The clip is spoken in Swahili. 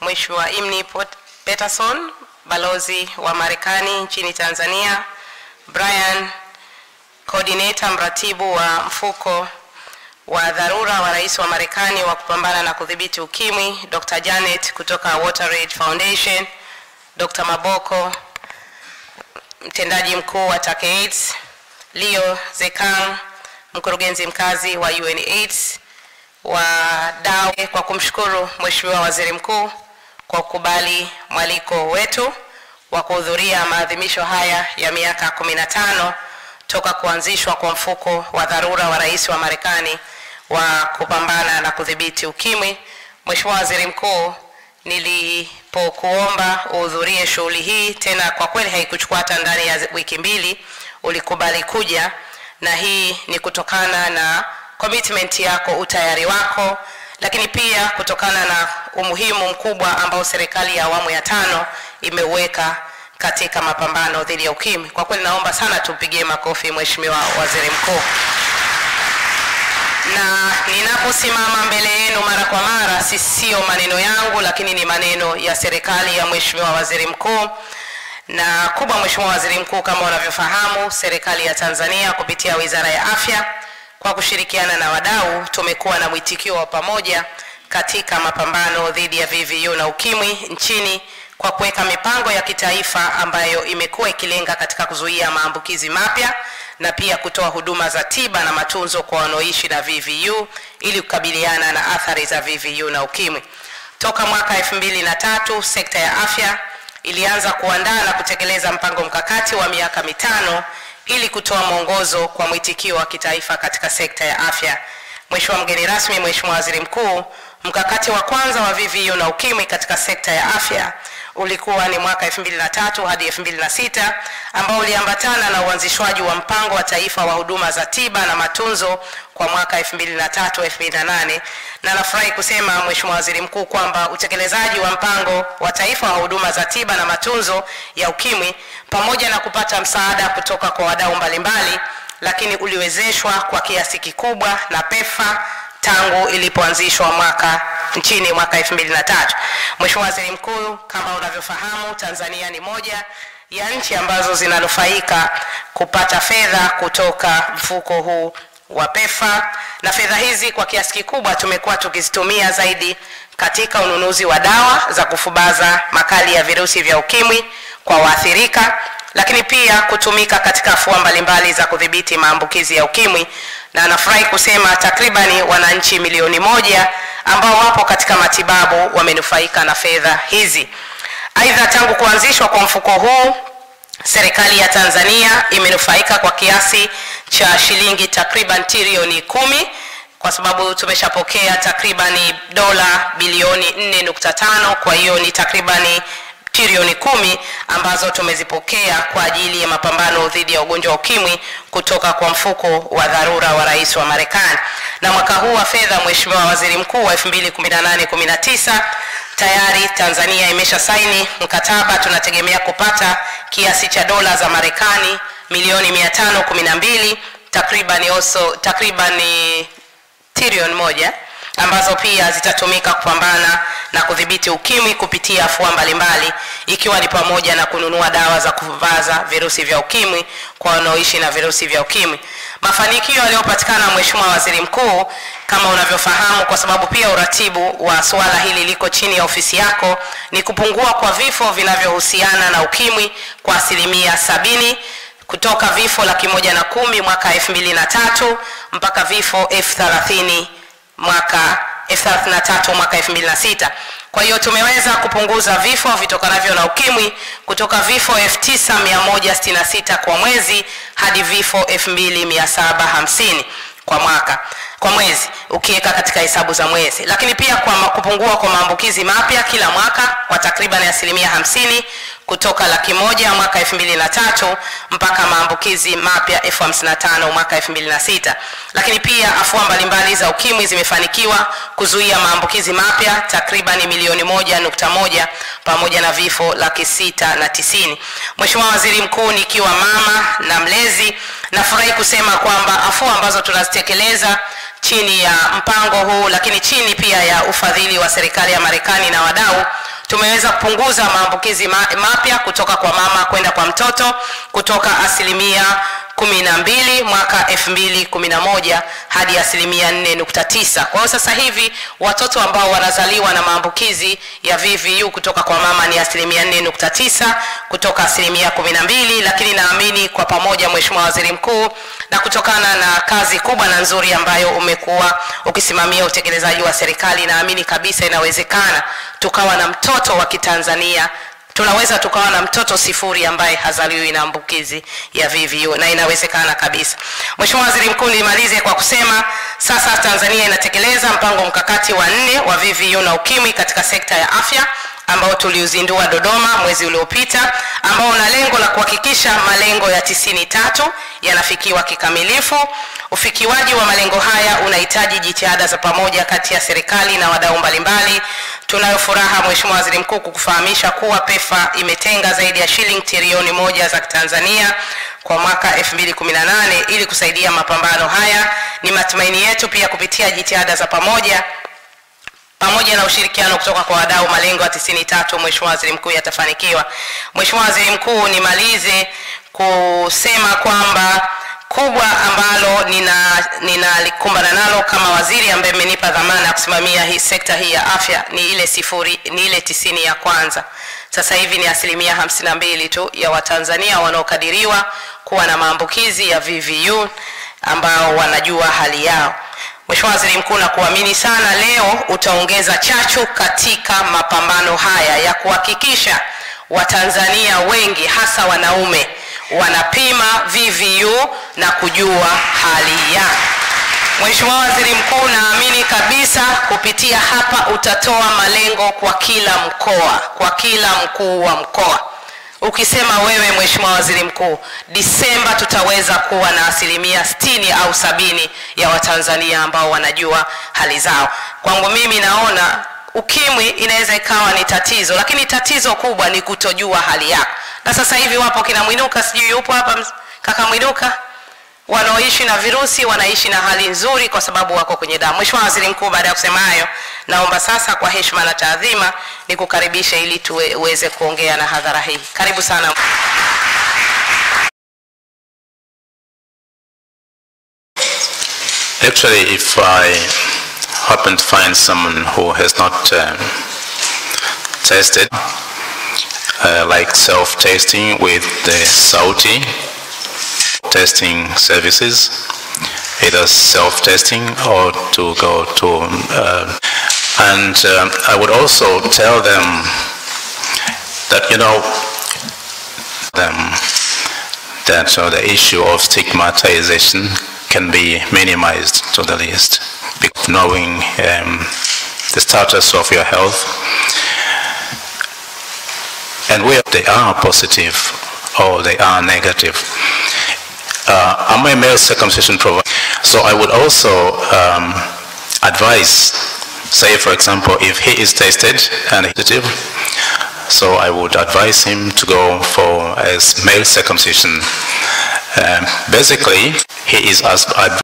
Mheshimiwa Imni Peterson, balozi wa Marekani nchini Tanzania, Brian, coordinator mratibu wa mfuko wa dharura wa rais wa Marekani wa kupambana na kudhibiti ukimwi, Dr. Janet kutoka WaterAid Foundation, Dr. Maboko, mtendaji mkuu wa TACAIDS, Leo Zekang, mkurugenzi mkazi wa UNAIDS, dawe kwa kumshukuru Mheshimiwa Waziri Mkuu kwa kukubali mwaliko wetu wa kuhudhuria maadhimisho haya ya miaka 15 toka kuanzishwa kwa mfuko wa dharura wa rais wa Marekani wa kupambana na kudhibiti ukimwi. Mheshimiwa Waziri Mkuu, nilipokuomba uhudhurie shughuli hii, tena kwa kweli haikuchukua hata ndani ya wiki mbili, ulikubali kuja, na hii ni kutokana na commitment yako, utayari wako lakini pia kutokana na umuhimu mkubwa ambao serikali ya awamu ya tano imeweka katika mapambano dhidi ya ukimwi. Kwa kweli naomba sana tumpigie makofi Mheshimiwa Waziri Mkuu. Na ninaposimama mbele yenu mara kwa mara, sio maneno yangu, lakini ni maneno ya serikali ya Mheshimiwa Waziri Mkuu na kubwa. Mheshimiwa Waziri Mkuu, kama unavyofahamu, serikali ya Tanzania kupitia Wizara ya Afya kwa kushirikiana na wadau, tumekuwa na mwitikio wa pamoja katika mapambano dhidi ya VVU na ukimwi nchini kwa kuweka mipango ya kitaifa ambayo imekuwa ikilenga katika kuzuia maambukizi mapya na pia kutoa huduma za tiba na matunzo kwa wanaoishi na VVU ili kukabiliana na athari za VVU na ukimwi. Toka mwaka 2003 sekta ya afya ilianza kuandaa na kutekeleza mpango mkakati wa miaka mitano ili kutoa mwongozo kwa mwitikio wa kitaifa katika sekta ya afya. Mheshimiwa mgeni rasmi, Mheshimiwa Waziri Mkuu, mkakati wa kwanza wa VVU na UKIMWI katika sekta ya afya ulikuwa ni mwaka 2003 hadi 2006 ambao uliambatana na uanzishwaji wa mpango wa taifa wa huduma za tiba na matunzo kwa mwaka 2003 2008, na nafurahi kusema Mheshimiwa Waziri Mkuu kwamba utekelezaji wa mpango wa taifa wa huduma za tiba na matunzo ya UKIMWI pamoja na kupata msaada kutoka kwa wadau mbalimbali, lakini uliwezeshwa kwa kiasi kikubwa na PEPFAR tangu ilipoanzishwa mwaka nchini mwaka 2003. Mheshimiwa Waziri Mkuu, kama unavyofahamu, Tanzania ni moja ya nchi ambazo zinanufaika kupata fedha kutoka mfuko huu wa PEFA, na fedha hizi kwa kiasi kikubwa tumekuwa tukizitumia zaidi katika ununuzi wa dawa za kufubaza makali ya virusi vya ukimwi kwa waathirika, lakini pia kutumika katika afua mbalimbali za kudhibiti maambukizi ya ukimwi na anafurahi kusema takribani wananchi milioni moja ambao wapo katika matibabu wamenufaika na fedha hizi. Aidha, tangu kuanzishwa kwa mfuko huu serikali ya Tanzania imenufaika kwa kiasi cha shilingi takriban trilioni kumi kwa sababu tumeshapokea takribani dola bilioni 4.5 kwa hiyo ni takribani bilioni kumi ambazo tumezipokea kwa ajili ya mapambano dhidi ya ugonjwa wa ukimwi kutoka kwa mfuko wa dharura wa rais wa Marekani. Na mwaka huu wa fedha, Mheshimiwa Waziri Mkuu, wa 2018-19 tayari Tanzania imesha saini mkataba, tunategemea kupata kiasi cha dola za Marekani milioni 512 takriban, takriban takribani trilioni moja ambazo pia zitatumika kupambana na kudhibiti ukimwi kupitia afua mbalimbali ikiwa ni pamoja na kununua dawa za kuvaza virusi vya ukimwi kwa wanaoishi na virusi vya ukimwi. Mafanikio yaliyopatikana, Mheshimiwa Waziri Mkuu, kama unavyofahamu, kwa sababu pia uratibu wa suala hili liko chini ya ofisi yako, ni kupungua kwa vifo vinavyohusiana na ukimwi kwa asilimia sabini kutoka vifo laki moja na kumi mwaka elfu mbili na tatu mpaka vifo elfu thelathini mwaka 33 mwaka 2006. Kwa hiyo tumeweza kupunguza vifo vitokanavyo na ukimwi kutoka vifo 9166 kwa mwezi hadi vifo 2750 kwa mwaka kwa mwezi ukiweka katika hesabu za mwezi, lakini pia kwa kupungua kwa maambukizi mapya kila mwaka kwa takriban asilimia hamsini kutoka laki moja mwaka 2003 mpaka maambukizi mapya elfu mwaka 2006. Lakini pia afua mbalimbali za ukimwi zimefanikiwa kuzuia maambukizi mapya takriban milioni moja nukta moja pamoja na vifo laki sita na tisini. Mheshimiwa Waziri Mkuu, nikiwa mama na mlezi, nafurahi kusema kwamba afua ambazo tunazitekeleza chini ya mpango huu, lakini chini pia ya ufadhili wa serikali ya Marekani na wadau tumeweza kupunguza maambukizi mapya kutoka kwa mama kwenda kwa mtoto kutoka asilimia 12 mwaka 2011 hadi asilimia 4.9. Kwa hiyo sasa hivi watoto ambao wanazaliwa na maambukizi ya VVU kutoka kwa mama ni asilimia 4.9 kutoka asilimia 12, lakini naamini kwa pamoja, Mheshimiwa Waziri Mkuu, na kutokana na kazi kubwa na nzuri ambayo umekuwa ukisimamia utekelezaji wa serikali, naamini kabisa inawezekana tukawa na mtoto wa Kitanzania tunaweza tukawa na mtoto sifuri ambaye hazaliwi na ambukizi ya VVU na inawezekana kabisa. Mheshimiwa Waziri Mkuu, nimalize kwa kusema sasa Tanzania inatekeleza mpango mkakati wa nne wa VVU na ukimwi katika sekta ya afya ambao tuliuzindua Dodoma mwezi uliopita ambao una lengo la kuhakikisha malengo ya tisini tatu yanafikiwa kikamilifu. Ufikiwaji wa malengo haya unahitaji jitihada za pamoja kati ya serikali na wadau mbalimbali. Tunayo furaha Mheshimiwa Waziri Mkuu kukufahamisha kuwa PEFA imetenga zaidi ya shilingi trilioni moja za Tanzania kwa mwaka 2018 ili kusaidia mapambano haya. Ni matumaini yetu pia kupitia jitihada za pamoja pamoja na ushirikiano kutoka kwa wadau, malengo ya tisini tatu Mheshimiwa Waziri Mkuu yatafanikiwa. Mheshimiwa Waziri Mkuu, nimalize kusema kwamba kubwa ambalo ninalikumbana nina nalo kama waziri ambaye mmenipa dhamana ya kusimamia hii sekta hii ya afya ni ile sifuri, ni ile tisini ya kwanza. Sasa hivi ni asilimia hamsini na mbili tu ya Watanzania wanaokadiriwa kuwa na maambukizi ya VVU ambao wanajua hali yao. Mheshimiwa Waziri Mkuu, na kuamini sana leo utaongeza chachu katika mapambano haya ya kuhakikisha Watanzania wengi hasa wanaume wanapima VVU na kujua hali ya. Mheshimiwa Waziri Mkuu, naamini kabisa kupitia hapa utatoa malengo kwa kila mkoa, kwa kila mkuu wa mkoa ukisema wewe Mheshimiwa Waziri Mkuu, Disemba tutaweza kuwa na asilimia stini au sabini ya Watanzania ambao wanajua hali zao. Kwangu mimi naona ukimwi inaweza ikawa ni tatizo, lakini tatizo kubwa ni kutojua hali yako. Na sasa hivi wapo kina Mwinuka, sijui yupo hapa kaka Mwinuka wanaoishi na virusi wanaishi na hali nzuri kwa sababu wako kwenye damu. Mheshimiwa Waziri Mkuu, baada ya kusema hayo, naomba sasa kwa heshima na taadhima nikukaribishe ili tuweze kuongea na hadhara hii. Karibu sana. Actually, if I happen to find someone who has not um, tested, uh, like self tasting with the Saudi testing services, either self-testing or to go to. Uh, and uh, I would also tell them that you know them that so uh, the issue of stigmatization can be minimized to the least, knowing um, the status of your health and where they are positive or they are negative uh, am a male circumcision provider. So I would also um, advise, say for example, if he is tested and positive, so I would advise him to go for as male circumcision. Um, basically, he is as